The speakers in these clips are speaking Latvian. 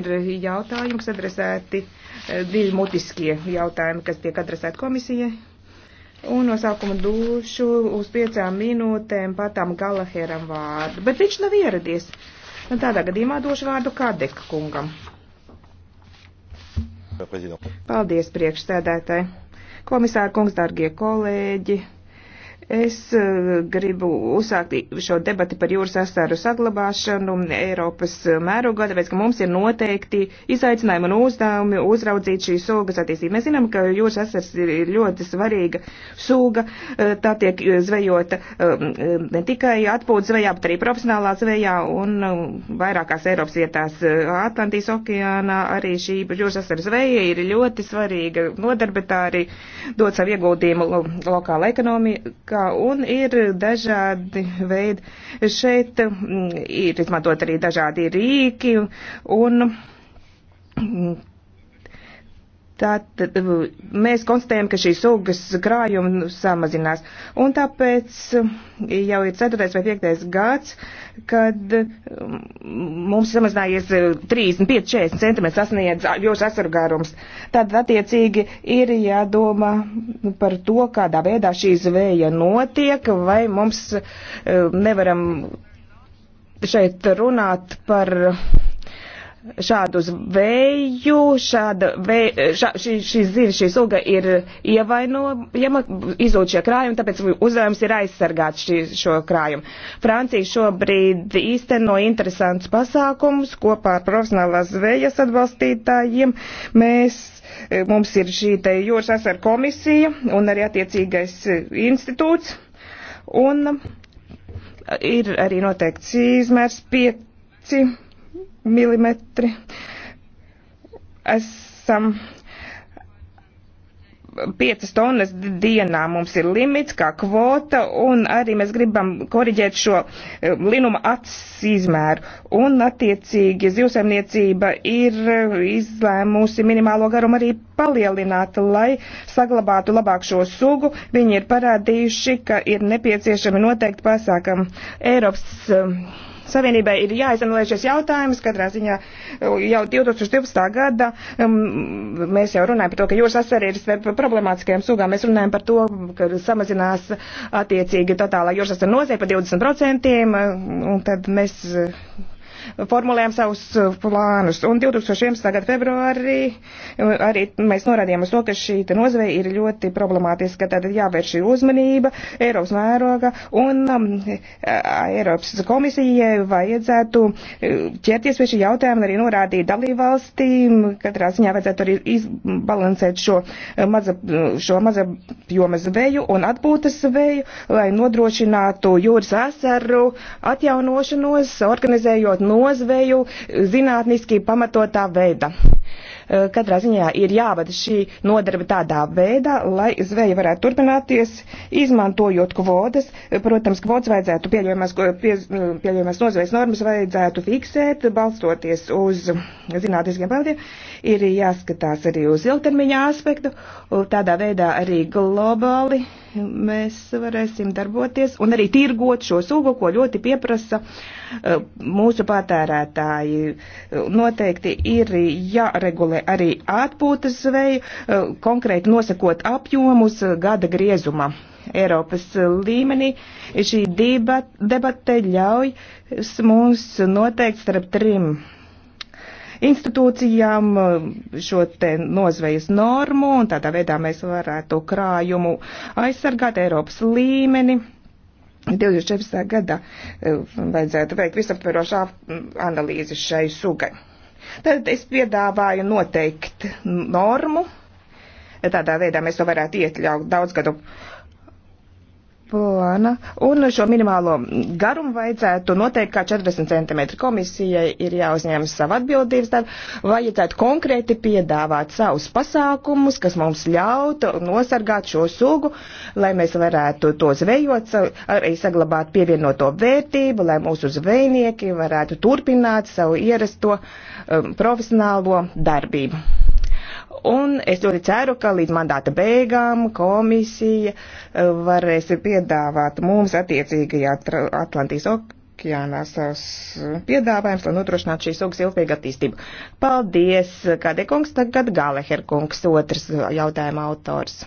ir jautājums adresēti eh, divi mutiskie jautājumi, kas tiek adresēti komisijai. Un no sākuma došu uz piecām minūtēm patām Galaheram vārdu, bet viņš nav ieradies. Un tādā gadījumā došu vārdu Kadeka kungam. Paldies, priekšsēdētāji. Komisāra kungs, dargie kolēģi. Es eh, gribu uzsākt šo debati par jūras astāru saglabāšanu Eiropas mērogā, tāpēc, ka mums ir noteikti izaicinājumi un uzdevumi uzraudzīt šīs sūgas attīstību. Mēs zinām, ka jūras astārs ir ļoti svarīga sūga, eh, tā tiek zvejota eh, ne tikai atpūtas zvejā, bet arī profesionālā zvejā un vairākās Eiropas vietās Atlantijas okeānā arī šī jūras astāra zveja ir ļoti svarīga nodarbe, tā arī dod savu ieguldījumu lokāla ekonomikā Eiropā un ir dažādi veidi. Šeit mm, ir izmantot arī dažādi rīki un mm, Tātad mēs konstatējam, ka šīs sugas krājumi nu, samazinās. Un tāpēc um, jau ir 4. vai 5. gads, kad um, mums samazinājies 35-40 uh, cm sasniedz jūras asargārums. Tad attiecīgi ir jādomā par to, kādā veidā šī zvēja notiek, vai mums uh, nevaram šeit runāt par šādu zveju, šāda vei, šā, šī, šī zivs, šī suga ir ievainojama, izūt šie krājumi, tāpēc uzdevums ir aizsargāt šī, šo krājumu. Francija šobrīd īsteno interesants pasākums kopā ar profesionālās zvejas atbalstītājiem. Mēs, e, mums ir šī te jūras asar komisija un arī attiecīgais e, institūts. Un e, ir arī noteikts izmērs pieci milimetri. Esam 5 tonnas dienā mums ir limits kā kvota, un arī mēs gribam koriģēt šo e, linuma acis izmēru. Un, attiecīgi, zivsaimniecība ir e, izlēmusi minimālo garumu arī palielināt, lai saglabātu labāk šo sugu. Viņi ir parādījuši, ka ir nepieciešami noteikti pasākam Eiropas. Uh, Savienībai ir jāizanalizē šis jautājums. Katrā ziņā uh, jau 2012. gada um, mēs jau runājam par to, ka jūras asveri ir starp problemātiskajām sugām. Mēs runājam par to, ka samazinās uh, attiecīgi totālā jūras asveri nozē par 20%. Uh, un tad mēs formulējām savus plānus. Un 2011. gada februārī uh, arī mēs norādījām uz to, ka šī nozvei ir ļoti problemātiska. Tātad jāvērš šī uzmanība Eiropas mēroga un um, uh, Eiropas komisijai vajadzētu uh, ķerties pie šī jautājuma arī norādīt dalībvalstīm. Katrā ziņā vajadzētu arī izbalansēt šo maza, šo maza jomas zveju un atpūtas zveju, lai nodrošinātu jūras asaru atjaunošanos, organizējot nozveju zinātniski pamatotā veidā. Eh, katrā ziņā ir jāvada šī nodarbe tādā veidā, lai zveja varētu turpināties, izmantojot kvotas. Eh, protams, kvotas vajadzētu pieļaujamās, pie, eh, pieļaujamās nozvejas normas vajadzētu fiksēt, balstoties uz zinātniskiem pamatiem. Ir jāskatās arī uz ilgtermiņa aspektu. Tādā veidā arī globāli mēs varēsim darboties un arī tirgot šo sugu, ko ļoti pieprasa mūsu patērētāji. Noteikti ir jāregulē arī atpūtas zveju, eh, konkrēti nosakot apjomus eh, gada griezuma. Eiropas eh, līmenī šī debate ļauj mums noteikt starp trim institūcijām šo te nozvejas normu, un tādā veidā mēs varētu krājumu aizsargāt Eiropas līmeni. 2014. gadā vajadzētu veikt visaptverošā analīzi šai sugai. Tad es piedāvāju noteikt normu. Tādā veidā mēs to varētu iekļaut daudzgadu plāna, un šo minimālo garumu vajadzētu noteikt kā 40 cm. Komisijai ir jāuzņem savu atbildības darbu, vajadzētu konkrēti piedāvāt savus pasākumus, kas mums ļautu nosargāt šo sugu, lai mēs varētu to zvejot, arī saglabāt pievienoto vērtību, lai mūsu zvejnieki varētu turpināt savu ierasto um, profesionālo darbību. Un es ļoti ceru, ka līdz mandāta beigām komisija eh, varēs piedāvāt mums attiecīgajā Atlantijas okeānā savus eh, piedāvājumus, lai nodrošinātu šīs augs ilgspējīgu attīstību. Paldies, Kade kungs, tagad Galeher kungs, otrs jautājuma autors.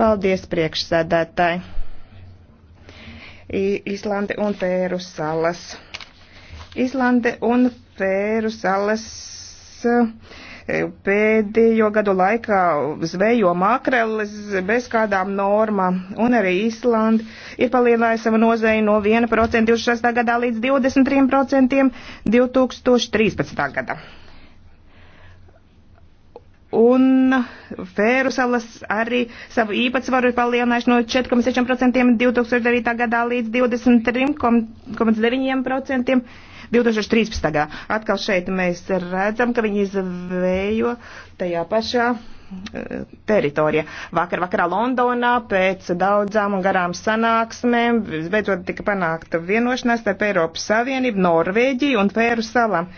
Paldies, priekšsēdētāji. Islande un Pēru salas. Islande un Pēru salas Eh, pēdējo gadu laikā zvejo makreles bez kādām normām, un arī Īslanda ir palielinājusi savu nozēju no 1% 26. gadā līdz 23% 2013. gadā. Un Fēru salas arī savu īpatsvaru ir palielinājuši no 4,6% 2009. gadā līdz 23,9% 2013. gadā. Atkal šeit mēs redzam, ka viņi izvējo tajā pašā eh, teritorija. Vakar vakarā Londonā pēc daudzām un garām sanāksmēm beidzot tika panākta vienošanās starp Eiropas Savienību, Norvēģiju un Pēru salām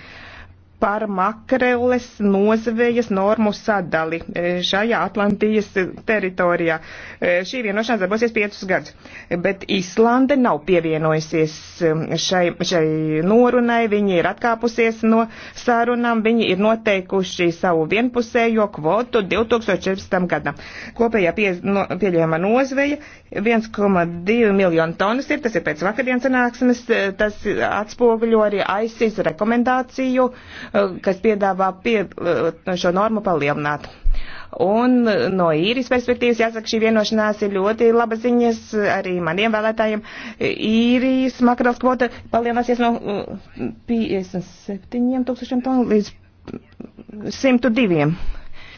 par makreles nozvejas normu sadali e, šajā Atlantijas teritorijā. E, šī vienošanās darbosies piecus gadus, bet Islande nav pievienojusies um, šai, šai norunai, viņi ir atkāpusies no sarunām, viņi ir noteikuši savu vienpusējo kvotu 2014. gadam. Kopējā pie, no, pieļēma nozveja 1,2 miljonu tonas ir, tas ir pēc vakardienas sanāksmes, e, tas atspoguļo arī ISIS rekomendāciju kas piedāvā pie, eh, šo normu palielināt. Un no īrijas perspektīvas, jāsaka, šī vienošanās ir ļoti laba ziņas arī maniem vēlētājiem. Īrijas makarels kvota palielināsies no 57 mm, tūkstošiem tonu līdz 102,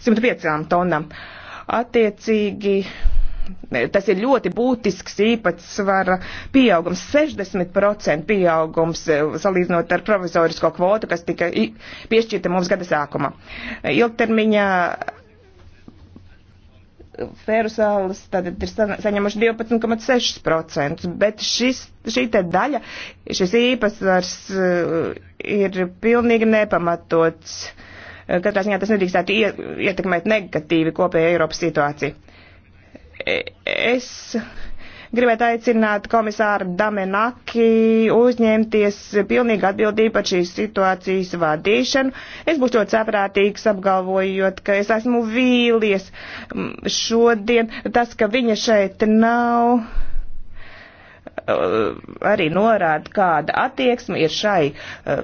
105 tonām. Attiecīgi Tas ir ļoti būtisks īpatsvara pieaugums, 60% pieaugums e, salīdzinot ar provizorisko kvotu, kas tika piešķirta mums gada sākumā. Ilgtermiņā Ferusālas tātad ir saņemuši 12,6%, bet šis, šī te daļa, šis īpatsvars e, ir pilnīgi nepamatots. E, katrā ziņā tas nedrīkstētu ietekmēt negatīvi kopēju Eiropas situāciju. Es gribētu aicināt komisāru Damenaki uzņemties pilnīgi atbildību par šīs situācijas vadīšanu. Es būšu ļoti saprātīgs apgalvojot, ka es esmu vīlies šodien. Tas, ka viņa šeit nav Eh, arī norāda, kāda attieksme ir šai eh,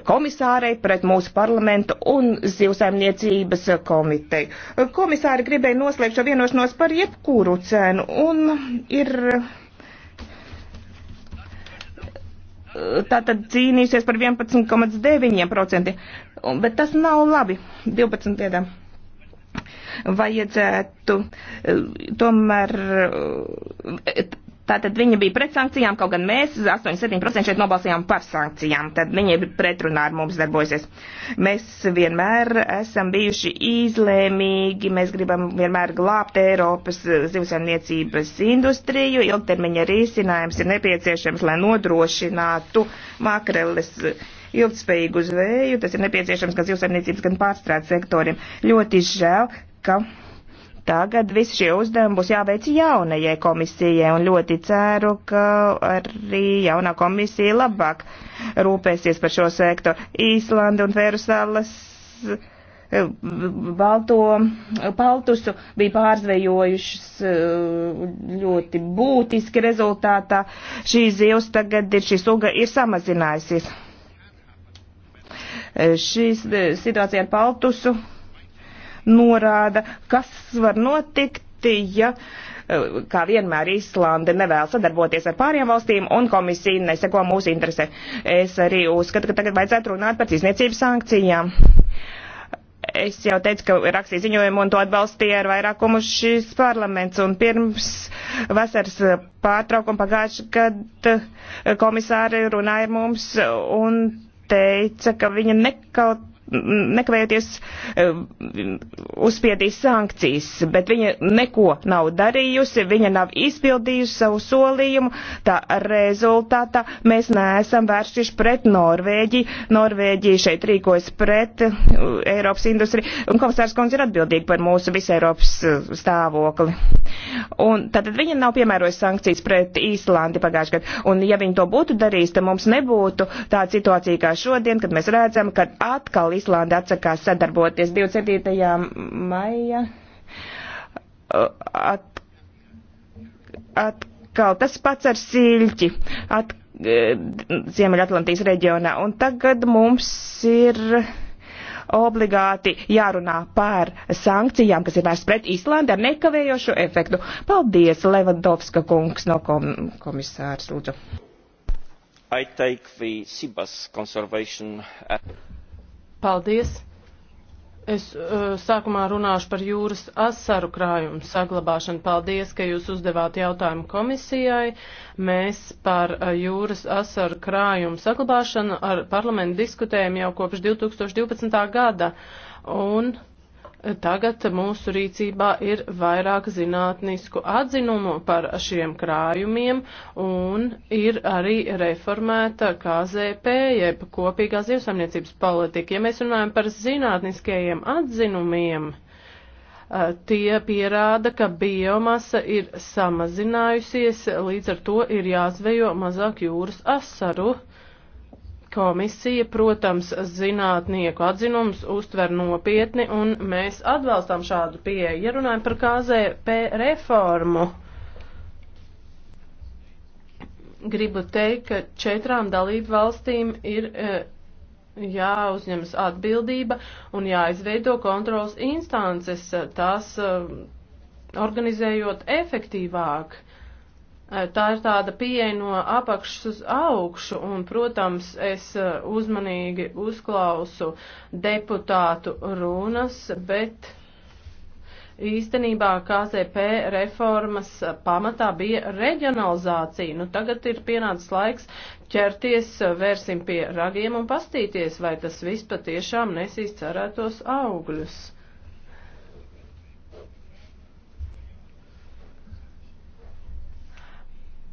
komisārei pret mūsu parlamentu un zivsaimniecības komiteju. Komisāri gribēja noslēgt šo vienošanos par jebkuru cenu un ir. Eh, tātad cīnīsies par 11,9%, bet tas nav labi 12. gadā vajadzētu tomēr Tātad viņi bija pret sankcijām, kaut gan mēs 87% šeit nobalsījām par sankcijām. Tad viņi ir pretrunā ar mums darbojusies. Mēs vienmēr esam bijuši izlēmīgi, mēs gribam vienmēr glābt Eiropas zivsaimniecības industriju. Ilgtermiņa risinājums ir nepieciešams, lai nodrošinātu makreles ilgspējīgu zvēju. Tas ir nepieciešams gan zivsaimniecības, gan pārstrādes sektoriem. Ļoti žēl, ka Tagad visi šie uzdevumi būs jāveic jaunajai komisijai, un ļoti ceru, ka arī jaunā komisija labāk rūpēsies par šo sektoru. Īslanda un Fērusalas eh, balto eh, paltusu bija pārzvejojušas eh, ļoti būtiski rezultātā. Šī zivs tagad ir, šī suga ir samazinājusies. Šī situācija ar paltusu norāda, kas var notikt, ja, eh, kā vienmēr, Īslande nevēlas sadarboties ar pāriem valstīm un komisija neseko mūsu interesē. Es arī uzskatu, ka tagad vajadzētu runāt par izniecības sankcijām. Es jau teicu, ka rakstīju ziņojumu un to atbalstīja ar vairākumu šis parlaments. Un pirms vasaras pārtraukuma pagājuši, kad eh, komisāri runāja mums un teica, ka viņa nekaut nekavējoties eh, uzspiedīs sankcijas, bet viņa neko nav darījusi, viņa nav izpildījusi savu solījumu. Tā rezultātā mēs neesam vērsuši pret Norvēģiju. Norvēģija šeit rīkojas pret eh, Eiropas industriju, un komisārs Kons ir atbildīgi par mūsu visu Eiropas eh, stāvokli. Un tātad viņa nav piemērojusi sankcijas pret Īslandi pagājušajā gadā, un ja viņa to būtu darījusi, tad mums nebūtu tāda situācija kā šodien, kad mēs redzam, ka atkal Īslanda atsakās sadarboties 27. maija. At, atkal tas pats ar siļķi. At, e, Ziemeļatlantijas reģionā. Un tagad mums ir obligāti jārunā par sankcijām, kas ir vērsts pret Islandi ar nekavējošu efektu. Paldies, Levandovska kungs no kom komisārs, lūdzu. I take the Sibas Conservation Act. Paldies! Es uh, sākumā runāšu par jūras asaru krājumu saglabāšanu. Paldies, ka jūs uzdevāt jautājumu komisijai. Mēs par uh, jūras asaru krājumu saglabāšanu ar parlamentu diskutējam jau kopš 2012. gada. Un uh, Tagad mūsu rīcībā ir vairāk zinātnisku atzinumu par šiem krājumiem un ir arī reformēta KZP, jeb kopīgā zivsaimniecības politika. Ja mēs runājam par zinātniskajiem atzinumiem, eh, tie pierāda, ka biomasa ir samazinājusies, līdz ar to ir jāzvejo mazāk jūras asaru. Komisija, protams, zinātnieku atzinums uztver nopietni, un mēs atbalstām šādu pieeju. Ja runājam par KZP reformu, gribu teikt, ka četrām dalību valstīm ir e, jāuzņemas atbildība un jāizveido kontrols instances, e, tās e, organizējot efektīvāk. Eh, tā ir tāda pieeja no apakšas uz augšu, un, protams, es eh, uzmanīgi uzklausu deputātu runas, bet īstenībā KZP reformas pamatā bija reģionalizācija. Nu, tagad ir pienācis laiks ķerties, eh, vērsim pie ragiem un pastīties, vai tas viss patiešām nesīs cerētos augļus.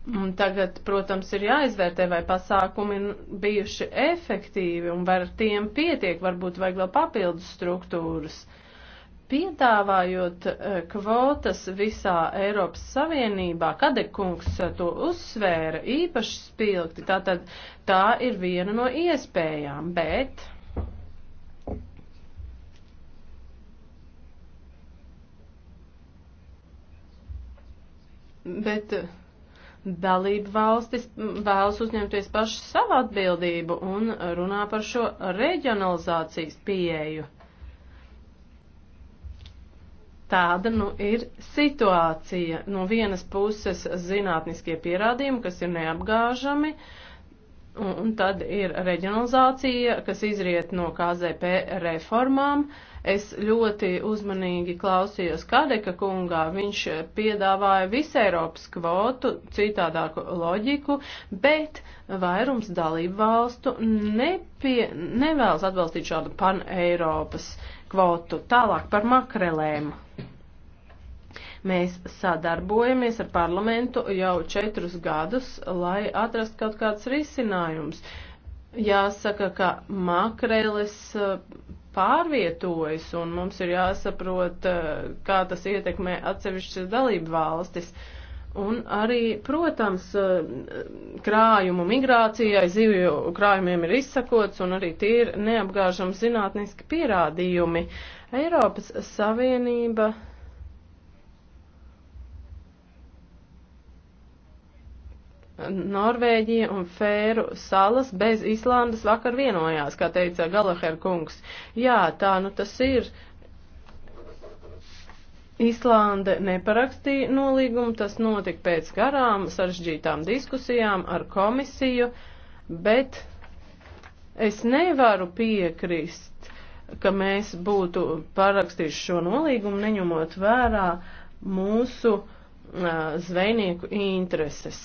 Un tagad, protams, ir jāizvērtē, vai pasākumi bijuši efektīvi un vai ar tiem pietiek, varbūt vajag vēl papildus struktūras. Piedāvājot e, kvotas visā Eiropas Savienībā, Kadekungs e, to uzsvēra īpaši spilgti, tātad tā ir viena no iespējām, bet. Bet. E, dalību valstis vēlas uzņemties paši savu atbildību un runā par šo reģionalizācijas pieeju. Tāda nu ir situācija. No vienas puses zinātniskie pierādījumi, kas ir neapgāžami, uh, Un tad ir reģionalizācija, kas izriet no KZP reformām. Es ļoti uzmanīgi klausījos Kadeka kungā. Viņš piedāvāja visu Eiropas kvotu, citādāku loģiku, bet vairums dalību valstu nepie, nevēlas atbalstīt šādu pan-Eiropas kvotu. Tālāk par makrelēm. Mēs sadarbojamies ar parlamentu jau četrus gadus, lai atrast kaut kāds risinājums. Jāsaka, ka makreles eh, pārvietojas un mums ir jāsaprot, eh, kā tas ietekmē atsevišķas dalību valstis. Un arī, protams, eh, krājumu migrācijai, zivju krājumiem ir izsakots, un arī tie ir neapgāžami zinātniski pierādījumi. Eiropas Savienība Norvēģija un Fēru salas bez Islandas vakar vienojās, kā teica Galaher kungs. Jā, tā nu tas ir. Islande neparakstīja nolīgumu, tas notika pēc garām sarežģītām diskusijām ar komisiju, bet es nevaru piekrist, ka mēs būtu parakstījuši šo nolīgumu, neņemot vērā mūsu uh, zvejnieku intereses.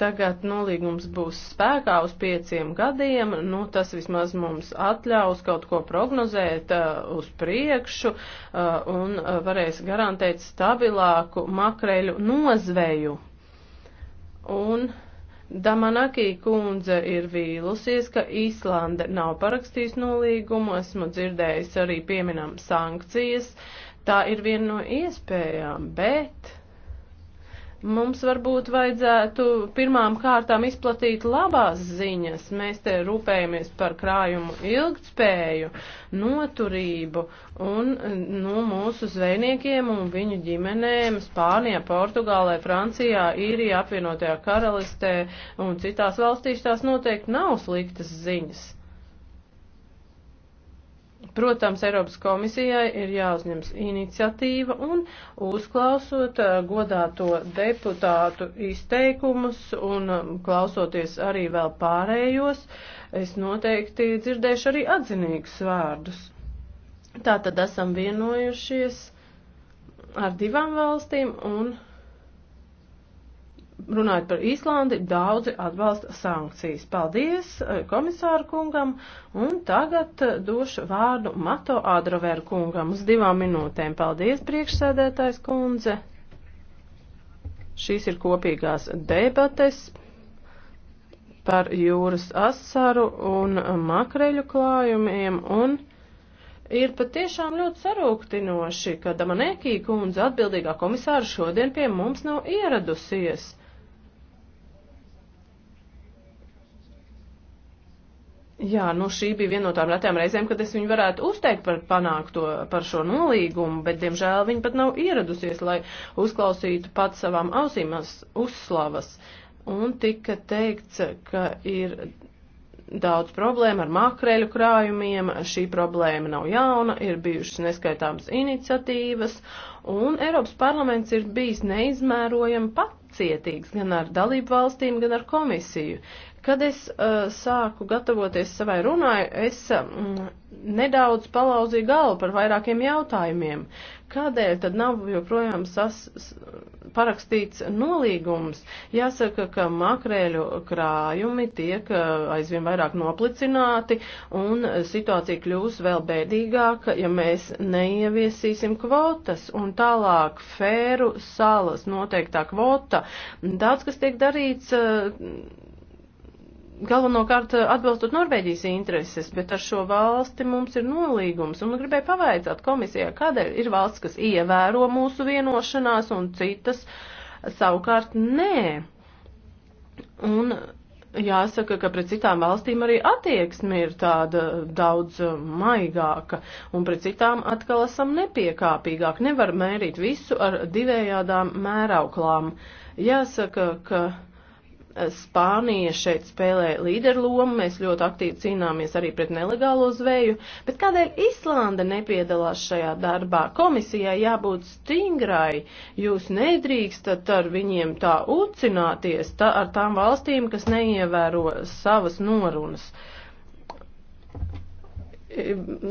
Tagad nolīgums būs spēkā uz pieciem gadiem, nu tas vismaz mums atļaus kaut ko prognozēt uh, uz priekšu uh, un uh, varēs garantēt stabilāku makreļu nozveju. Un Damanakī kundze ir vīlusies, ka Īslande nav parakstījis nolīgumu, esmu dzirdējis arī pieminam sankcijas, tā ir viena no iespējām, bet Mums varbūt vajadzētu pirmām kārtām izplatīt labās ziņas. Mēs te rūpējamies par krājumu ilgtspēju, noturību un nu, mūsu zvejniekiem un viņu ģimenēm Spānijā, Portugālē, Francijā, Īrijā, apvienotajā karalistē un citās valstīs tās noteikti nav sliktas ziņas. Protams, Eiropas komisijai ir jāuzņems iniciatīva un uzklausot eh, godāto deputātu izteikumus un eh, klausoties arī vēl pārējos, es noteikti dzirdēšu arī atzinīgus vārdus. Tātad esam vienojušies ar divām valstīm un runājot par Īslandi, daudzi atbalsta sankcijas. Paldies eh, komisāru kungam, un tagad eh, došu vārdu Mato Ādrovēru kungam uz divām minūtēm. Paldies, priekšsēdētājs kundze. Šīs ir kopīgās debates par jūras asaru un makreļu klājumiem un ir patiešām ļoti sarūktinoši, ka Damanēkī kundze atbildīgā komisāra šodien pie mums nav ieradusies. Jā, nu šī bija viena no tām retām reizēm, kad es viņu varētu uzteikt par panākto, par šo nolīgumu, bet, diemžēl, viņa pat nav ieradusies, lai uzklausītu pat savām ausīm uzslavas. Un tika teikts, ka ir daudz problēmu ar makreļu krājumiem, šī problēma nav jauna, ir bijušas neskaitāmas iniciatīvas, un Eiropas parlaments ir bijis neizmērojami pacietīgs gan ar dalību valstīm, gan ar komisiju. Kad es uh, sāku gatavoties savai runai, es mm, nedaudz palauzīju galvu par vairākiem jautājumiem. Kādēļ tad nav joprojām sas, parakstīts nolīgums? Jāsaka, ka makrēļu krājumi tiek uh, aizvien vairāk noplicināti un situācija kļūs vēl bēdīgāka, ja mēs neieviesīsim kvotas un tālāk fēru salas noteiktā kvota. Daudz, kas tiek darīts. Uh, galvenokārt eh, atbilstot Norvēģijas intereses, bet ar šo valsti mums ir nolīgums. Un gribēju pavaicāt komisijā, kādēļ ir valsts, kas ievēro mūsu vienošanās un citas savukārt nē. Un jāsaka, ka pret citām valstīm arī attieksme ir tāda daudz eh, maigāka, un pret citām atkal esam nepiekāpīgāk. Nevar mērīt visu ar divējādām mērauklām. Jāsaka, ka Spānija šeit spēlē līderlomu, mēs ļoti aktīvi cīnāmies arī pret nelegālo zveju, bet kādēļ Islanda nepiedalās šajā darbā? Komisijai jābūt stingrai, jūs nedrīkstat ar viņiem tā ucināties, tā, ar tām valstīm, kas neievēro savas norunas. Uh,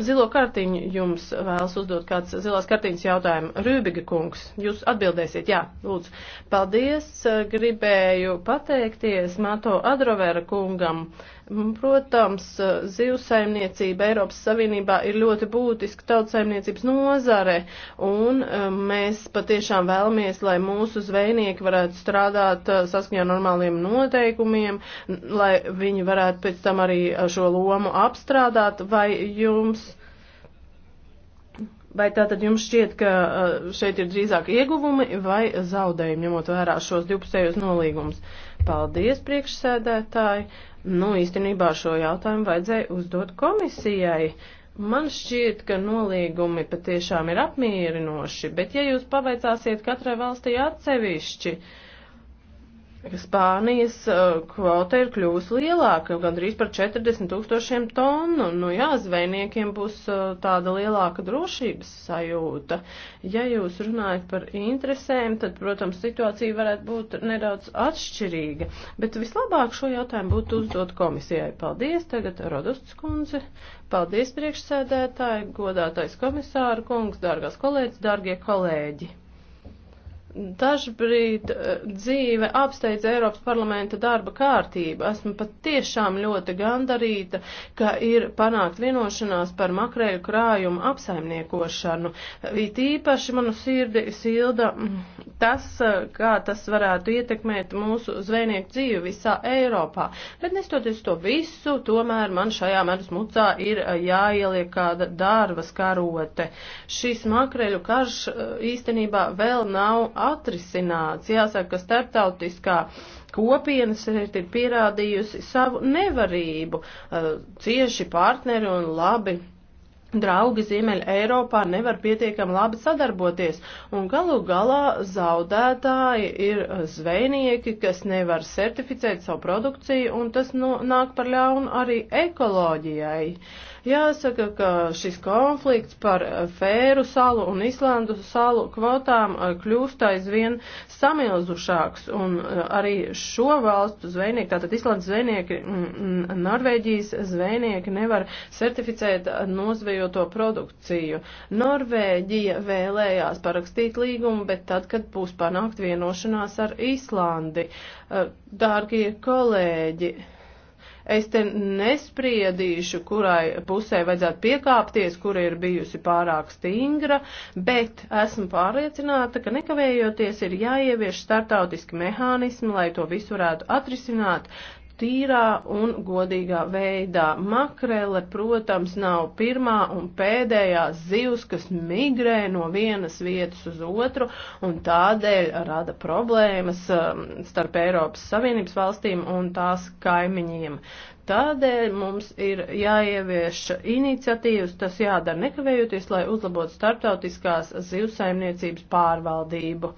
Zilo kartiņu jums vēlas uzdot kāds zilās kartiņas jautājumu. Rūbiga kungs, jūs atbildēsiet, jā, lūdzu. Paldies, eh, gribēju pateikties Mato Adrovera kungam. Protams, eh, zivsaimniecība Eiropas Savienībā ir ļoti būtiska tautsaimniecības nozare, un eh, mēs patiešām vēlamies, lai mūsu zvejnieki varētu strādāt saskaņā normāliem noteikumiem, lai viņi varētu pēc tam arī šo lomu apstrādāt, vai jums. Vai tātad jums šķiet, ka uh, šeit ir drīzāk ieguvumi vai zaudējumi, ņemot vērā šos divpusējos nolīgumus? Paldies, priekšsēdētāji. Nu, īstenībā šo jautājumu vajadzēja uzdot komisijai. Man šķiet, ka nolīgumi patiešām ir apmierinoši, bet ja jūs pavaicāsiet katrai valstī atsevišķi, uh, Spānijas eh, kvota ir kļuvusi lielāka, gandrīz par 40 tūkstošiem tonu. Nu jā, zvejniekiem būs eh, tāda lielāka drošības sajūta. Ja jūs runājat par interesēm, tad, protams, situācija varētu būt nedaudz atšķirīga. Bet vislabāk šo jautājumu būtu uzdot komisijai. Paldies, tagad Rodusts kundze. Paldies, priekšsēdētāji, godātais komisāra kungs, dārgās kolēģis, dārgie kolēģi. Dažbrīd eh, dzīve apsteidz Eiropas parlamenta darba kārtību. Esmu pat tiešām ļoti gandarīta, ka ir panākt vienošanās par makrēju krājumu apsaimniekošanu. It īpaši manu sirdi silda mm, tas, eh, kā tas varētu ietekmēt mūsu zvejnieku dzīvi visā Eiropā. Bet nestoties to visu, tomēr man šajā medus mucā ir eh, jāieliek kāda dārvas karote. Šis makrēļu karš īstenībā vēl nav atrisināts. Jāsaka, ka starptautiskā kopiena šeit ir pierādījusi savu nevarību. Uh, cieši partneri un labi draugi Ziemeļa Eiropā nevar pietiekami labi sadarboties, un galu galā zaudētāji ir uh, zvejnieki, kas nevar certificēt savu produkciju, un tas nu, nāk par ļaunu arī ekoloģijai. Uh, Jāsaka, ka šis konflikts par Fēru salu un Islandu salu kvotām eh, kļūst aizvien samilzušāks, un eh, arī šo valstu zvejnieki, tātad Islandas zvejnieki, mm, mm, Norvēģijas zvejnieki nevar certificēt nozvejoto produkciju. Norvēģija vēlējās parakstīt līgumu, bet tad, kad būs panākt vienošanās ar Islandi, eh, dārgie kolēģi, Es te nespriedīšu, kurai pusē vajadzētu piekāpties, kura ir bijusi pārāk stingra, bet esmu pārliecināta, ka nekavējoties ir jāievieš startautiski mehānismi, lai to visu varētu atrisināt, tīrā un godīgā veidā. Makrele, protams, nav pirmā un pēdējā zivs, kas migrē no vienas vietas uz otru un tādēļ rada problēmas um, starp Eiropas Savienības valstīm un tās kaimiņiem. Tādēļ mums ir jāievieš iniciatīvas, tas jādara nekavējoties, lai uzlabotu starptautiskās zivsaimniecības pārvaldību.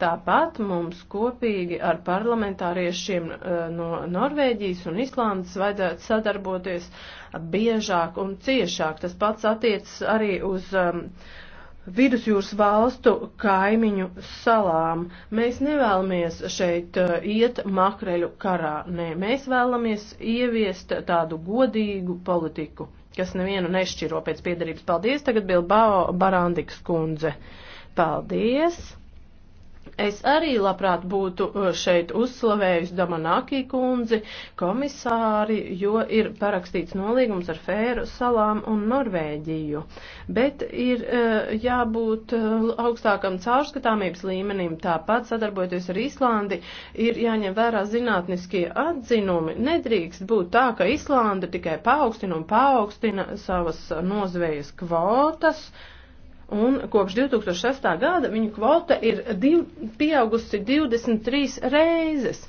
Tāpat mums kopīgi ar parlamentāriešiem eh, no Norvēģijas un Islandes vajadzētu sadarboties biežāk un ciešāk. Tas pats attiecas arī uz um, vidusjūras valstu kaimiņu salām. Mēs nevēlamies šeit eh, iet makreļu karā. Nē, mēs vēlamies ieviest tādu godīgu politiku, kas nevienu nešķiro pēc piedarības. Paldies, tagad Bilbao Barandikas kundze. Paldies! Es arī labprāt būtu uh, šeit uzslavējusi Damanākī kundzi, komisāri, jo ir parakstīts nolīgums ar Fēru salām un Norvēģiju. Bet ir uh, jābūt uh, augstākam caurskatāmības līmenim, tāpat sadarbojoties ar Islandi, ir jāņem vērā zinātniskie atzinumi. Nedrīkst būt tā, ka Islanda tikai paaugstina un paaugstina savas nozvejas kvotas. Uh, Un kopš 2006. gada viņu kvota ir div, pieaugusi 23 reizes,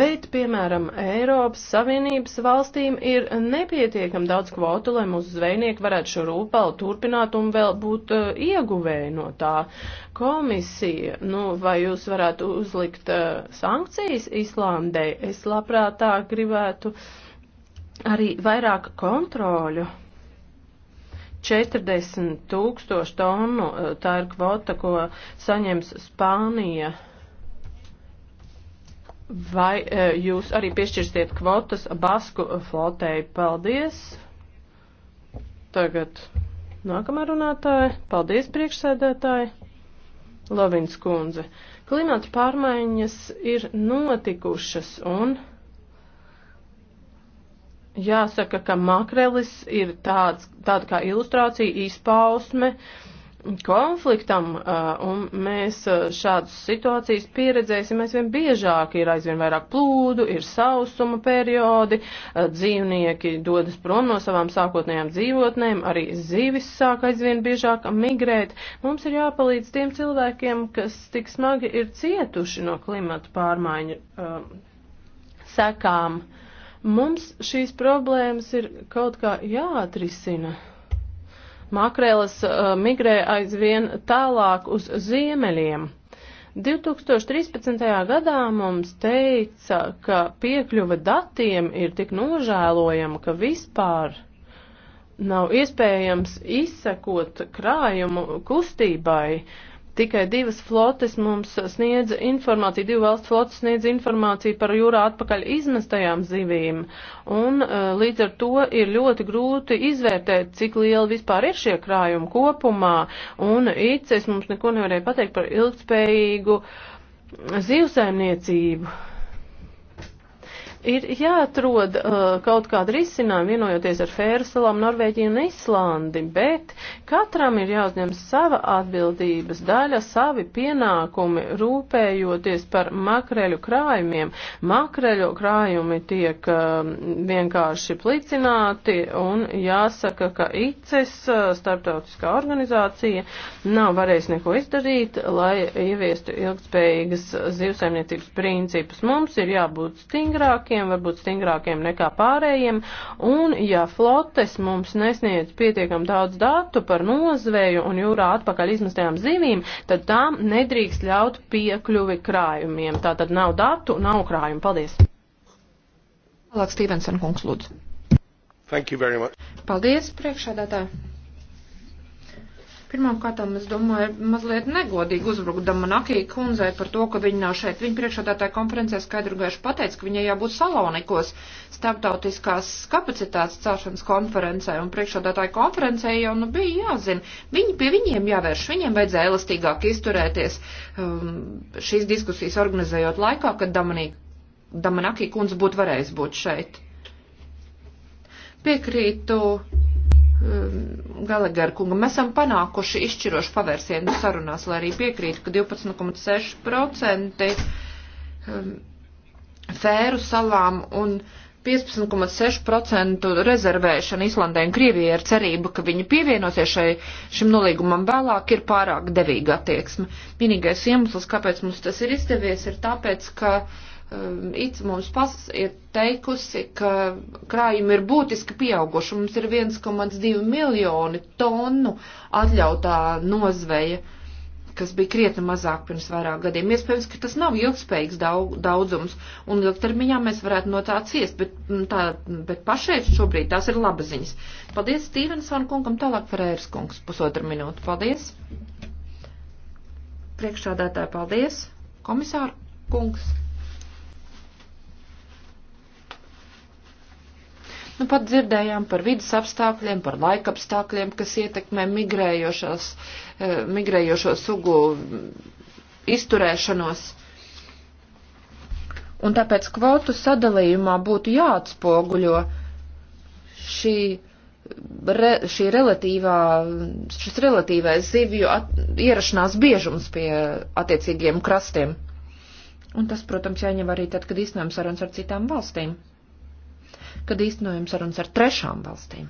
bet, piemēram, Eiropas Savienības valstīm ir nepietiekam daudz kvotu, lai mūsu zvejnieki varētu šo rūpalu turpināt un vēl būt uh, ieguvēji no tā. Komisija, nu, vai jūs varētu uzlikt uh, sankcijas Islandē? Es labprāt tā gribētu arī vairāk kontroļu. 40 tūkstoši tonu, eh, tā ir kvota, ko saņems Spānija. Vai eh, jūs arī piešķirsiet kvotas Basku flotei? Paldies! Tagad nākamā runātāja. Paldies, priekšsēdētāji! Lovins kundze. Klimata pārmaiņas ir notikušas un. Jāsaka, ka makrelis ir tāds, tāda kā ilustrācija, izpausme konfliktam, un mēs šādas situācijas pieredzēsim aizvien biežāk. Ir aizvien vairāk plūdu, ir sausuma periodi, dzīvnieki dodas prom no savām sākotnējām dzīvotnēm, arī zivis sāk aizvien biežāk migrēt. Mums ir jāpalīdz tiem cilvēkiem, kas tik smagi ir cietuši no klimata pārmaiņu uh, sekām. Uh, Mums šīs problēmas ir kaut kā jāatrisina. Makrēlas uh, migrē aizvien tālāk uz ziemeļiem. 2013. gadā mums teica, ka piekļuva datiem ir tik nožēlojama, ka vispār nav iespējams izsekot krājumu kustībai. Uh, Tikai divas flotes mums sniedz informāciju, divu valstu flotes sniedz informāciju par jūrā atpakaļ izmestajām zivīm. Un eh, līdz ar to ir ļoti grūti izvērtēt, cik liela vispār ir šie krājumi kopumā. Un ICES mums neko nevarēja pateikt par ilgspējīgu eh, zivsaimniecību. Ir jāatrod uh, kaut kāda risinājuma, vienojoties ar Fērasalām, Norvēģiju un Islandi, bet katram ir jāuzņem sava atbildības daļa, savi pienākumi, rūpējoties par makreļu krājumiem. Makreļu krājumi tiek uh, vienkārši plicināti un jāsaka, ka ICES, uh, starptautiskā organizācija, nav varējis neko izdarīt, lai ieviestu ilgspējīgas zivsaimniecības principus. Mums ir jābūt stingrāk spēkiem, varbūt stingrākiem nekā pārējiem, un ja flotes mums nesniedz pietiekam daudz datu par nozveju un jūrā atpakaļ izmestajām zivīm, tad tām nedrīkst ļaut piekļuvi krājumiem. Tā tad nav datu, nav krājumu. Paldies! Tālāk Stevenson kungs lūdzu. Paldies, priekšādātāji! Pirmkārt, es domāju, mazliet negodīgi uzbrukdama Nakī kundzei par to, ka viņa nav šeit. Viņa priekšādātāja konferencē skaidru gaišu pateica, ka viņai jābūt Salonikos starptautiskās kapacitātes cēšanas konferencē, un priekšādātāja konferencē jau nu bija jāzina. Viņi pie viņiem jāvērš, viņiem vajadzēja elastīgāk izturēties um, šīs diskusijas organizējot laikā, kad Damanī, Damanakī kundze būtu varējis būt šeit. Piekrītu Um, Galagar kungam. Mēs esam panākuši izšķirošu pavērsienu sarunās, lai arī piekrītu, ka 12,6% um, fēru salām un 15,6% rezervēšana Islandē un Krievijai ar cerību, ka viņi pievienosies šai, šim nolīgumam vēlāk, ir pārāk devīga attieksme. Vienīgais iemesls, kāpēc mums tas ir izdevies, ir tāpēc, ka uh, Um, it mums pas ir teikusi, ka krājumi ir būtiski pieauguši. Mums ir 1,2 miljoni tonu atļautā nozveja, kas bija krietni mazāk pirms vairāk gadiem. Iespējams, ka tas nav ilgspējīgs daudzums, un ilgtermiņā mēs varētu no tā ciest, bet, mm, tā, bet pašreiz šobrīd tās ir laba ziņas. Paldies Stīvensona kungam, tālāk Ferēras kungs, pusotra minūte. Paldies! Priekšādātāji, paldies! Komisāra kungs! Nu, pat dzirdējām par vidas apstākļiem, par laika apstākļiem, kas ietekmē migrējošos, eh, migrējošo sugu izturēšanos. Un tāpēc kvotu sadalījumā būtu jāatspoguļo šī, re, šī relatīvā, šis relatīvais zivju at, ierašanās biežums pie attiecīgiem krastiem. Un tas, protams, jāņem arī tad, kad iznēm sarunas ar citām valstīm kad īstenojam sarunas ar trešām valstīm.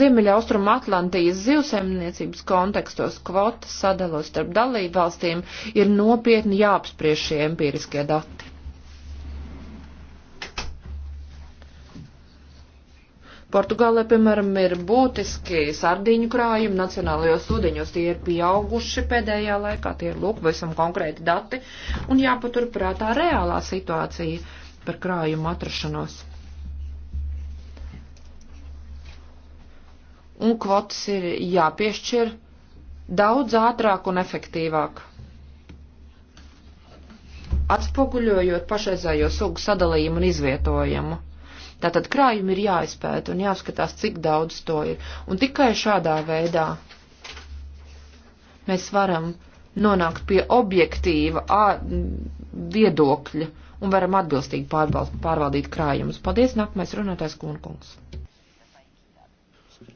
Ziemeļa austruma Atlantijas zivsaimniecības kontekstos kvotas sadalos starp dalībvalstīm ir nopietni jāapspriež šie empiriskie dati. Portugālē, piemēram, ir būtiski sardīņu krājumi nacionālajos ūdeņos. Tie ir pieauguši pēdējā laikā, tie ir lūk, visam konkrēti dati, un jāpaturprātā reālā situācija par krājumu atrašanos. Un kvotas ir jāpiešķir daudz ātrāk un efektīvāk. Atspoguļojot pašreizējo sugu sadalījumu un izvietojumu Tātad krājumi ir jāizpēta un jāskatās, cik daudz to ir. Un tikai šādā veidā mēs varam nonākt pie objektīva viedokļa un varam atbilstīgi pārvaldīt krājumus. Paldies, nākamais runātājs Kunkungs.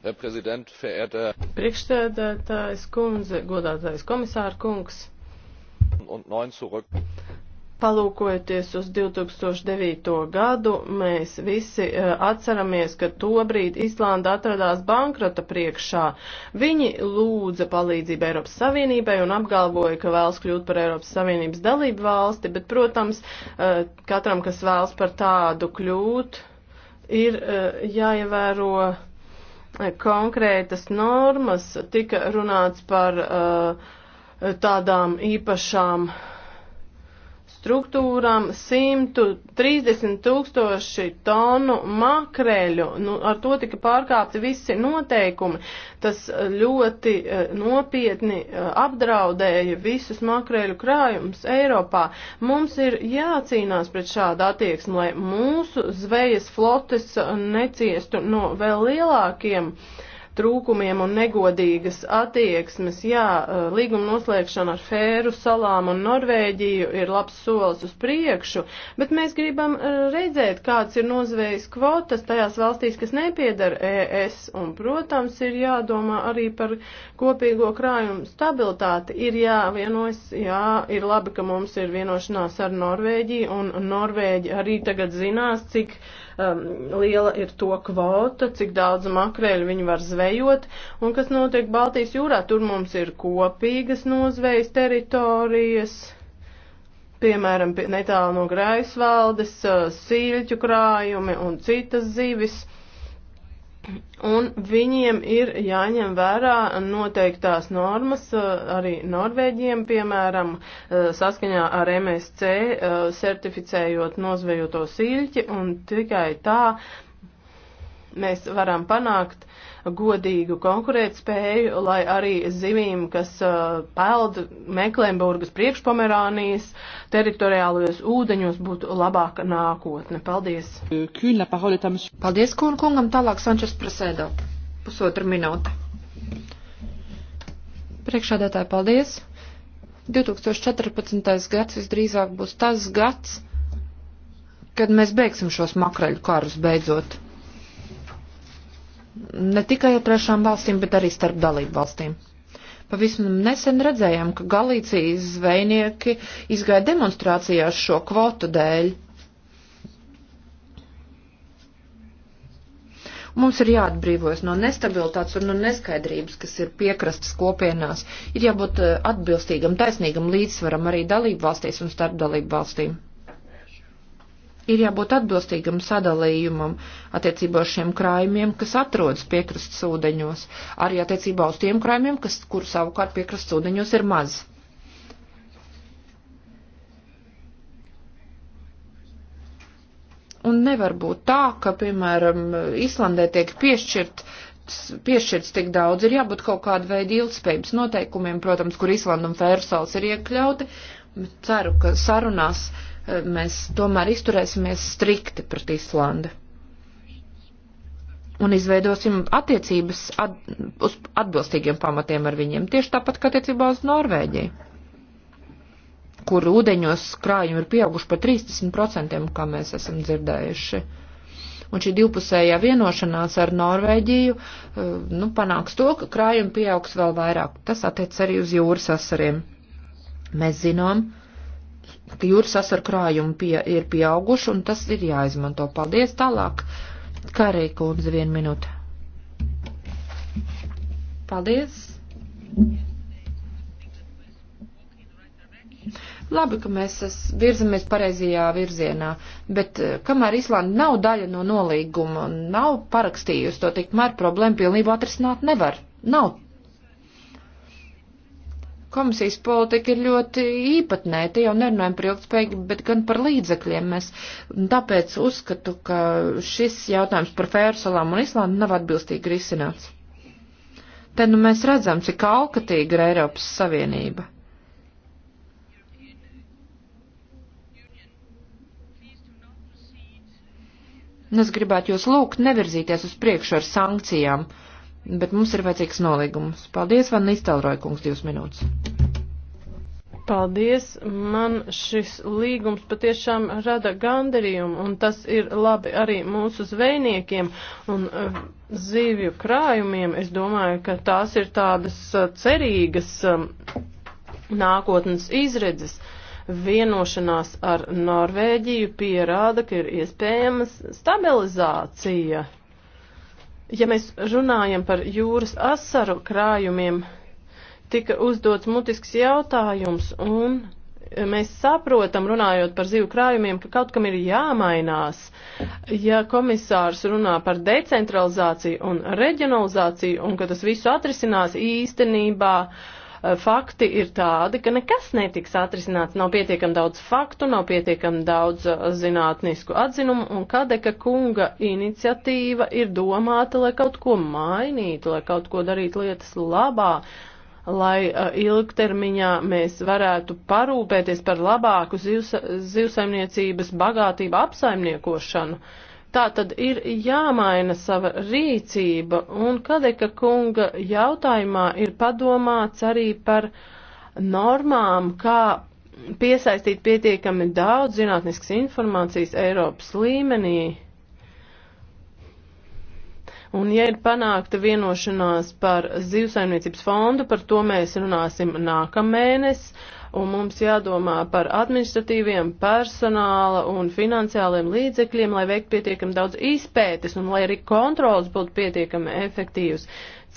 Priekšsēdētājs kundze, godātais komisāra kungs. Palūkojoties uz 2009. gadu, mēs visi e, atceramies, ka tobrīd Islanda atradās bankrota priekšā. Viņi lūdza palīdzību Eiropas Savienībai un apgalvoja, ka vēlas kļūt par Eiropas Savienības dalību valsti, bet, protams, e, katram, kas vēlas par tādu kļūt, ir e, jāievēro konkrētas normas. Tika runāts par tādām īpašām struktūrām 130 tūkstoši tonu makreļu. Nu, ar to tika pārkāpti visi noteikumi. Tas eh, ļoti eh, nopietni eh, apdraudēja visus makreļu krājumus Eiropā. Mums ir jācīnās pret šādu attieksmi, lai mūsu zvejas flotes neciestu no vēl lielākiem uh, trūkumiem un negodīgas attieksmes. Jā, eh, līguma noslēgšana ar Fēru salām un Norvēģiju ir labs solis uz priekšu, bet mēs gribam eh, redzēt, kāds ir nozvējis kvotas tajās valstīs, kas nepiedara ES, un, protams, ir jādomā arī par kopīgo krājumu stabilitāti. Ir jāvienojas, jā, ir labi, ka mums ir vienošanās ar Norvēģiju, un Norvēģi arī tagad zinās, cik uh, um, liela ir to kvota, cik daudz makreļu viņi var zvejot, un kas notiek Baltijas jūrā. Tur mums ir kopīgas nozvejas teritorijas piemēram, netālu no Graisvaldes, uh, sīļķu krājumi un citas zivis. Un viņiem ir jāņem vērā noteiktās normas, eh, arī Norvēģiem, piemēram, eh, saskaņā ar MSC, eh, certificējot nozvejoto siļķi, un tikai tā mēs varam panākt godīgu konkurētspēju, lai arī zivīm, kas uh, peld Meklēmburgas priekšpomerānijas teritoriālajos ūdeņos, būtu labāka nākotne. Paldies! Paldies, Kūn kungam, tālāk Sančes Prasēdo. Pusotra minūte. Priekšādātāji, paldies! 2014. gads visdrīzāk būs tas gads, kad mēs beigsim šos makraļu kārus beidzot ne tikai ar trešām valstīm, bet arī starp dalību valstīm. Pavisam nesen redzējām, ka Galīcijas zvejnieki izgāja demonstrācijās šo kvotu dēļ. Mums ir jāatbrīvojas no nestabilitātes un no neskaidrības, kas ir piekrastas kopienās. Ir jābūt eh, atbilstīgam, taisnīgam līdzsvaram arī dalību valstīs un starp dalību valstīm ir jābūt atbilstīgam sadalījumam attiecībā uz šiem krājumiem, kas atrodas piekrastes ūdeņos, arī attiecībā uz tiem krājumiem, kas, kur savukārt piekrastes ūdeņos ir maz. Un nevar būt tā, ka, piemēram, Islandē tiek piešķirt uh, piešķirts tik daudz, ir jābūt kaut kāda veida ilgspējības noteikumiem, protams, kur Islanda un Fērsals ir iekļauti. Ceru, ka sarunās mēs tomēr izturēsimies strikti pret Islandi un izveidosim attiecības at, uz atbilstīgiem pamatiem ar viņiem, tieši tāpat kā attiecībā uz Norvēģiju, kur ūdeņos krājumi ir pieauguši par 30%, kā mēs esam dzirdējuši. Un šī divpusējā vienošanās ar Norvēģiju, eh, nu, panāks to, ka krājumi pieaugs vēl vairāk. Tas attiec arī uz jūras asariem. Mēs zinām, uh, ka jūras asaru krājumi pie, ir pieauguši, un tas ir jāizmanto. Paldies tālāk, Karī kundze, vienu minūti. Paldies! Labi, ka mēs virzamies pareizajā virzienā, bet eh, kamēr Islanda nav daļa no nolīguma, nav parakstījusi to, tikmēr problēmu pilnībā atrisināt nevar. Nav Komisijas politika ir ļoti īpatnē, te jau nerunājam par ilgspējību, bet gan par līdzekļiem. Mēs tāpēc uzskatu, ka šis jautājums par Fērsalām un Islandu nav atbilstīgi risināts. Te nu mēs redzam, cik alkatīga ir Eiropas Savienība. Un es gribētu jūs lūgt nevirzīties uz priekšu ar sankcijām. Uh, bet mums ir vajadzīgs nolīgums. Paldies, Van Nistelroja kungs, divas minūtes. Paldies, man šis līgums patiešām rada gandarījumu, un tas ir labi arī mūsu zvejniekiem un uh, eh, zīvju krājumiem. Es domāju, ka tās ir tādas uh, cerīgas um, nākotnes izredzes. Vienošanās ar Norvēģiju pierāda, ka ir iespējama stabilizācija Ja mēs runājam par jūras asaru krājumiem, tika uzdots mutisks jautājums, un mēs saprotam, runājot par zivu krājumiem, ka kaut kam ir jāmainās. Ja komisārs runā par decentralizāciju un reģionalizāciju, un ka tas visu atrisinās īstenībā, uh, Eh, fakti ir tādi, ka nekas netiks atrisināts. Nav pietiekam daudz faktu, nav pietiekam daudz eh, zinātnisku atzinumu, un Kadeka kunga iniciatīva ir domāta, lai kaut ko mainītu, lai kaut ko darītu lietas labā lai eh, ilgtermiņā mēs varētu parūpēties par labāku zivs, zivsaimniecības bagātību apsaimniekošanu. Uh, Tā tad ir jāmaina sava rīcība, un Kadeka kunga jautājumā ir padomāts arī par normām, kā piesaistīt pietiekami daudz zinātniskas informācijas Eiropas līmenī. Un, ja ir panākta vienošanās par zivsaimniecības fondu, par to mēs runāsim nākamēnes, un mums jādomā par administratīviem, personāla un finansiāliem līdzekļiem, lai veiktu pietiekami daudz izpētes un lai arī kontrols būtu pietiekami efektīvs.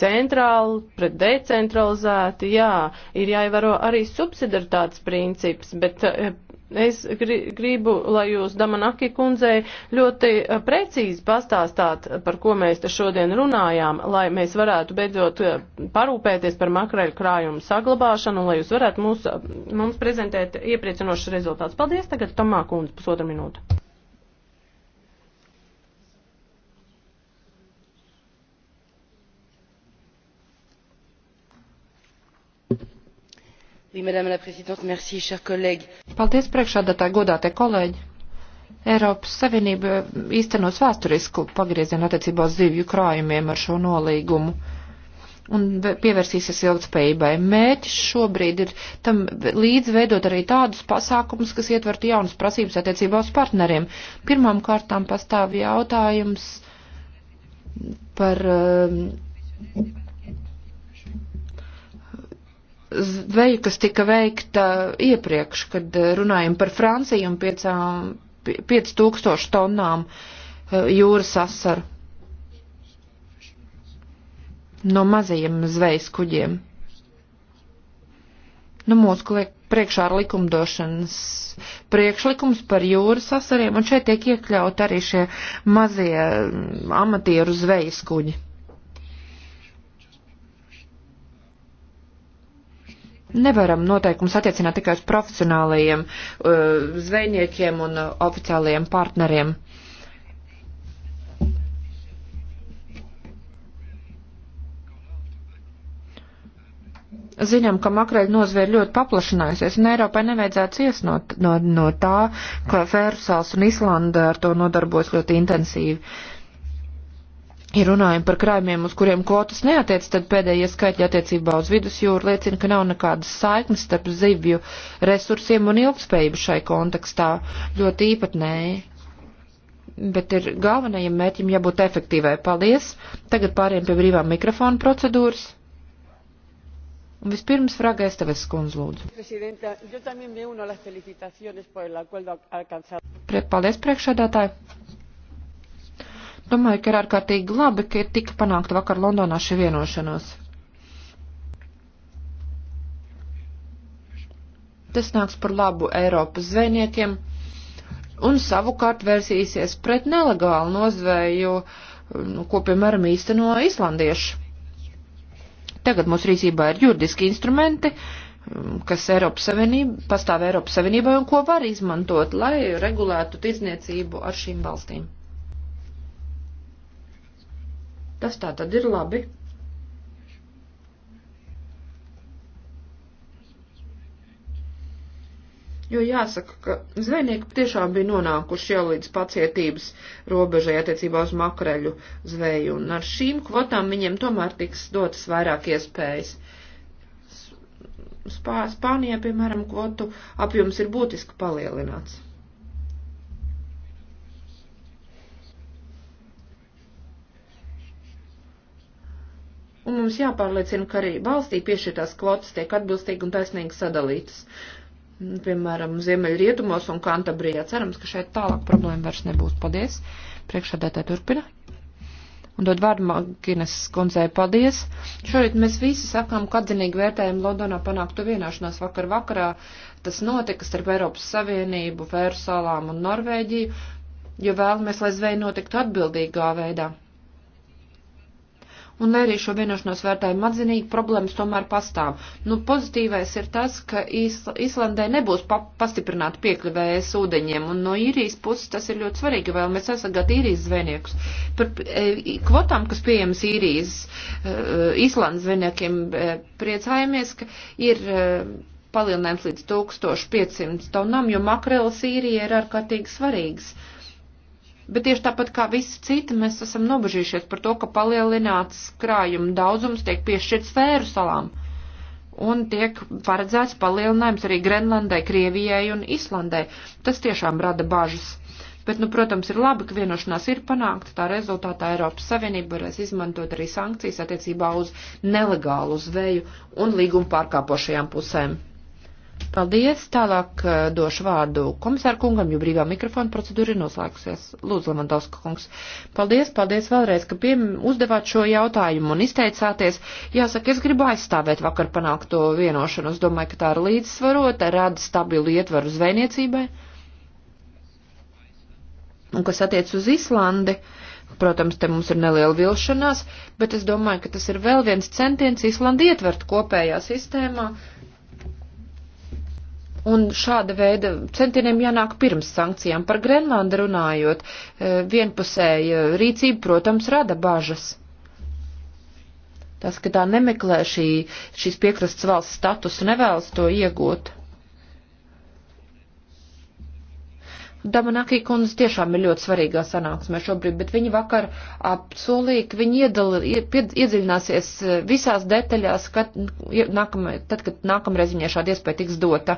Centrāli pret decentralizēti, jā, ir jāievēro arī subsidaritātes princips, bet eh, Es gribu, lai jūs, Damanaki kundzei, ļoti eh, precīzi pastāstāt, par ko mēs te šodien runājām, lai mēs varētu beidzot eh, parūpēties par makreļu krājumu saglabāšanu, lai jūs varētu mūs, eh, mums prezentēt iepriecinošas rezultātus. Paldies, tagad Tomā kundze, pusotra minūte. Paldies priekšādātāji, godātie kolēģi! Eiropas Savienība īstenos vēsturisku pagriezienu attiecībā uz zivju krājumiem ar šo nolīgumu un pievērsīsies ilgspējībai. Mēķis šobrīd ir tam līdz veidot arī tādus pasākumus, kas ietvertu jaunas prasības attiecībā uz partneriem. Pirmām kārtām pastāv jautājums par. Uh, veju, kas tika veikta iepriekš, kad eh, runājam par Franciju un 5000 tonnām eh, jūras asaru no mazajiem zvejas kuģiem. Nu, mūsu liek priekšā ar likumdošanas priekšlikums par jūras asariem, un šeit tiek iekļaut arī šie mazie mm, amatieru zvejas kuģi. nevaram noteikums attiecināt tikai uz profesionālajiem uh, zvejniekiem un uh, oficiālajiem partneriem. Ziņam, ka makreļu nozvēr ļoti paplašinājusies, un Eiropai nevajadzētu ciest no, no, no tā, ka Fērsals un Islanda ar to nodarbojas ļoti intensīvi. Uh, Ja runājam par krājumiem, uz kuriem kvotas neatiec, tad pēdējie skaitļi attiecībā uz vidusjūru liecina, ka nav nekādas saiknes starp zivju resursiem un ilgspējību šai kontekstā. Ļoti īpatnēji. Bet ir galvenajam mērķim jābūt efektīvai. Paldies! Tagad pāriem pie brīvā mikrofona procedūras. Un vispirms fragā Esteves kundz lūdzu. Pre, paldies priekšādātāji! Domāju, ka ir ārkārtīgi labi, ka ir tika panākta vakar Londonā šī vienošanos. Tas nāks par labu Eiropas zvejniekiem un savukārt vērsīsies pret nelegālu nozvēju, nu, ko, piemēram, īsteno islandieši. Tagad mūsu rīcībā ir juridiski instrumenti, um, kas Eiropas Savienība, pastāv Eiropas Savienībai un ko var izmantot, lai regulētu tirdzniecību ar šīm valstīm. Tas tā tad ir labi. Jo jāsaka, ka zvejnieki tiešām bija nonākuši jau līdz pacietības robežai attiecībā uz makreļu zveju, un ar šīm kvotām viņiem tomēr tiks dotas vairāk iespējas. Spā, Spānijā, piemēram, kvotu apjoms ir būtiski palielināts. un mums jāpārliecina, ka arī valstī piešķirtās kvotas tiek atbilstīgi un taisnīgi sadalītas. Piemēram, Ziemeļrietumos un Kantabrijā. Cerams, ka šeit tālāk problēma vairs nebūs. Paldies. Priekšādētāji turpina. Un dod vārdu Maginas kundzei paldies. Šorīt mēs visi sakām, ka atzinīgi vērtējam Londonā panāktu vienāšanās vakar vakarā. Tas notika starp Eiropas Savienību, Fēru salām un Norvēģiju, jo vēlamies, lai zveja notiktu atbildīgā veidā un arī šo vienošanos vērtējumu atzinīgi problēmas tomēr pastāv. Nu, pozitīvais ir tas, ka Islandē nebūs pa pastiprināta piekļuvējas e ūdeņiem, un no īrijas puses tas ir ļoti svarīgi, vēl mēs aizsargāt īrijas zvejniekus. Par e, kvotām, kas pieejamas īrijas, e, e Islandas zvejniekiem, e, priecājamies, ka ir. E, palielinājums līdz 1500 tonām, jo makrela Sīrija ir ārkārtīgi svarīgs. Uh, Bet tieši tāpat kā visi citi, mēs esam nobežījušies par to, ka palielināts krājuma daudzums tiek piešķirts fēru salām. Un tiek paredzēts palielinājums arī Grenlandai, Krievijai un Islandai. Tas tiešām rada bažas. Bet, nu, protams, ir labi, ka vienošanās ir panākta. Tā rezultātā Eiropas Savienība varēs izmantot arī sankcijas attiecībā uz nelegālu zveju un līgumu pārkāpošajām pusēm. Paldies. Tālāk eh, došu vārdu komisāru kungam, jo brīvā mikrofona procedūra ir noslēgusies. Lūdzu, Lamandovska kungs. Paldies, paldies vēlreiz, ka pie uzdevāt šo jautājumu un izteicāties. Jāsaka, es gribu aizstāvēt vakar panākto vienošanu. Es domāju, ka tā ir līdzsvarota, rada stabilu ietvaru zvejniecībai. Un kas attiec uz Islandi, protams, te mums ir neliela vilšanās, bet es domāju, ka tas ir vēl viens centiens Islandi ietvert kopējā sistēmā Un šāda veida centieniem jānāk pirms sankcijām. Par Grenlandu runājot, e, vienpusēja rīcība, protams, rada bažas. Tas, ka tā nemeklē šī, šīs piekrasts valsts statusu, nevēlas to iegūt. Damanakī kundze tiešām ir ļoti svarīgā sanāksmē šobrīd, bet viņa vakar apsolīja, ka viņa iedala, ied, iedziļināsies e, visās detaļās, kad, nākamai, tad, kad nākamreiz viņai šāda iespēja tiks dota.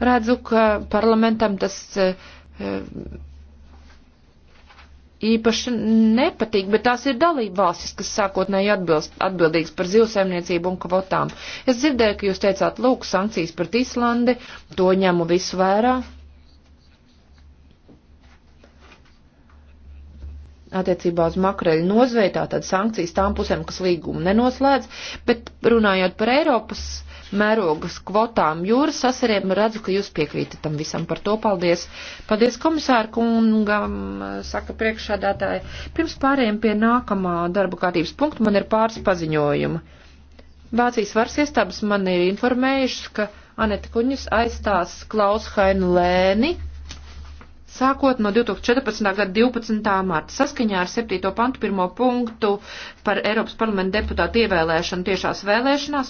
Redzu, ka parlamentam tas e, e, īpaši nepatīk, bet tās ir dalība valstis, kas sākotnēji atbilst, atbildīgs par zivsaimniecību un kvotām. Es dzirdēju, ka jūs teicāt, lūk, sankcijas pret Islandi, to ņemu visu vērā. attiecībā uz makreļu nozvei, tātad sankcijas tām pusēm, kas līgumu nenoslēdz, bet runājot par Eiropas mērogas kvotām jūras asariem. Redzu, ka jūs piekrītat tam visam par to. Paldies. Paldies komisāru kungam, saka priekšādātāji. Pirms pārējiem pie nākamā darba kārtības punkta man ir pāris paziņojumi. Vācijas varas iestādes man ir informējušas, ka Aneta Kuņas aizstās Klaus Hainu Lēni sākot no 2014. gada 12. marta saskaņā ar 7. pantu 1. punktu par Eiropas parlamenta deputātu ievēlēšanu tiešās vēlēšanās.